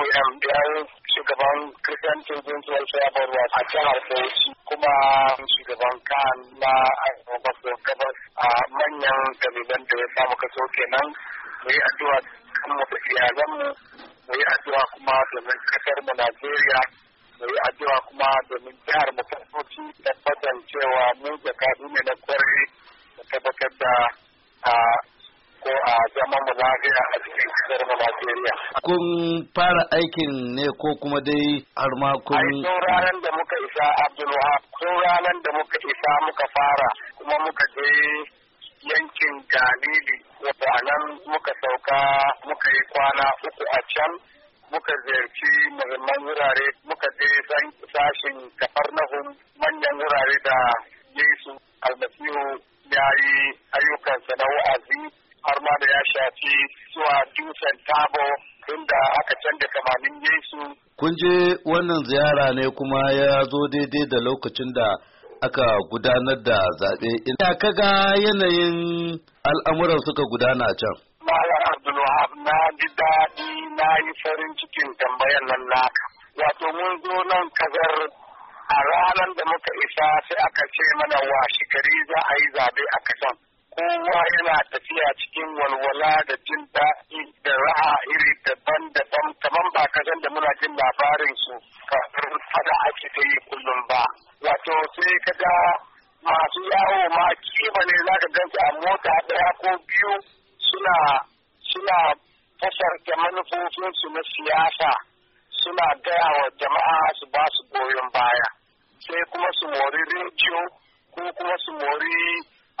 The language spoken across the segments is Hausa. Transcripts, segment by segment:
OM biyar shugaban Christian Children's Welfare Board a jihar Bauchi kuma shugaban kan na Ayyukan Gabas a manyan dalilan da ya samu kaso kenan mu yi addu'a kan mu da iyalanmu mu yi addu'a kuma domin kasar mu Najeriya mu yi addu'a kuma domin jihar mu ta tabbatar cewa mu jakadu ne na kwarai mu tabbatar da ko a zaman mu lafiya a cikin kasar mu Najeriya. Kun fara aikin ne ko kuma dai har ma kun. Ai tun ranar da muka isa Abdulwahab tun ranar da muka isa muka fara kuma muka je yankin Galili wato a nan muka sauka muka yi kwana uku a can muka ziyarci muhimman wurare muka je san sashin kafar manyan wurare da Yesu almasihu ya yi ayyukansa na wa'azi har ma da ya shafi zuwa dutsen tabo inda aka canza kamanin yesu kun je wannan ziyara ne kuma ya zo daidai da lokacin da aka gudanar da zaɓe ina ga yanayin al'amuran suka gudana can Malam Abdulwahab na ji daɗi na yi farin cikin tambayar nan naka. Wato mun zo nan kazar a ranar da muka isa sai aka ce mana washe gari za a yi zaɓe a kasan. kowa yana tafiya cikin walwala da jin daɗi da ra'a iri daban-daban kamar ba ka da muna jin labarin su kafin fada ake ta yi kullum ba wato sai ka ga masu yawo ma kima ne za ka gansu a mota ɗaya ko biyu suna suna fasarta manufofinsu na siyasa suna gaya wa jama'a su ba su goyon baya sai kuma su mori rediyo ko kuma su mori a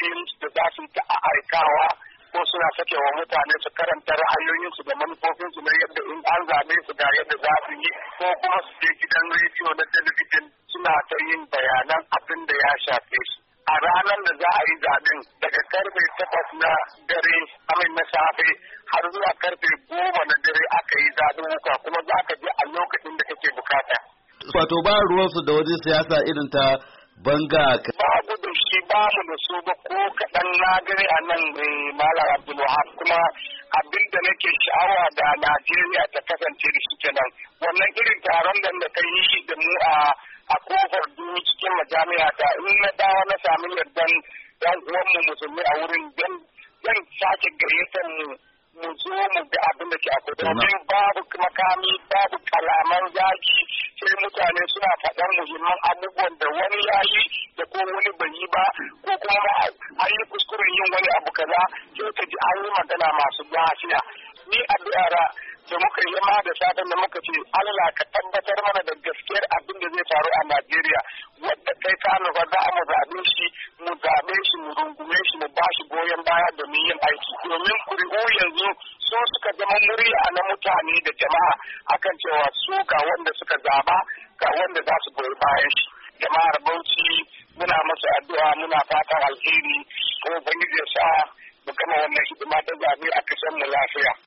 games da za su ta aikawa ko suna sake wa mutane su karanta ra'ayoyin su da manufofin su na yadda in an zaɓe su ga yadda za su yi ko kuma su je gidan rediyo na talabijin suna ta yin bayanan abin da ya shafe su. A ranar da za a yi zaɓen daga karfe takwas na dare amin na safe har zuwa karfe goma na dare aka yi zaɓen wuka kuma za ka je a lokacin da kake bukata. Wato ba ruwansu da waje siyasa irin ta banga. yawanci ba mu da su ba ko kaɗan na gani a nan eh, malam abdulwahab kuma abin da nake sha'awa da najeriya ta kasance da shi kenan wannan irin taron da da kai yi da mu a a kofar duni cikin majami'a ta in na dawa na sami yardan yan uwanmu musulmi a wurin dan sake gayyatar mu mu da abin da ke a kudin babu makami babu kalaman zaki sai mutane suna faɗar muhimman abubuwan da wani ya yi da ko wani bai yi ba ko kuma an yi kuskuren yin wani abu kaza sai ta ji an yi magana masu lafiya ni biyara da muka yi ma da sadan da muka ce Allah ka tabbatar mana da gaskiyar abin da zai faru a Najeriya wadda kai ka nufa za mu zaɓe shi mu zaɓe shi mu rungume shi mu ba shi goyon baya domin yin aiki domin kuri'u yanzu su suka zama murya na mutane da jama'a akan cewa su ga wanda suka zaba ga wanda za su goyi bayan shi jama'ar bauchi muna masa addu'a muna fatan alheri ko ubangiji ya sa mu gama wannan hidima ta zabe a kasan mu lafiya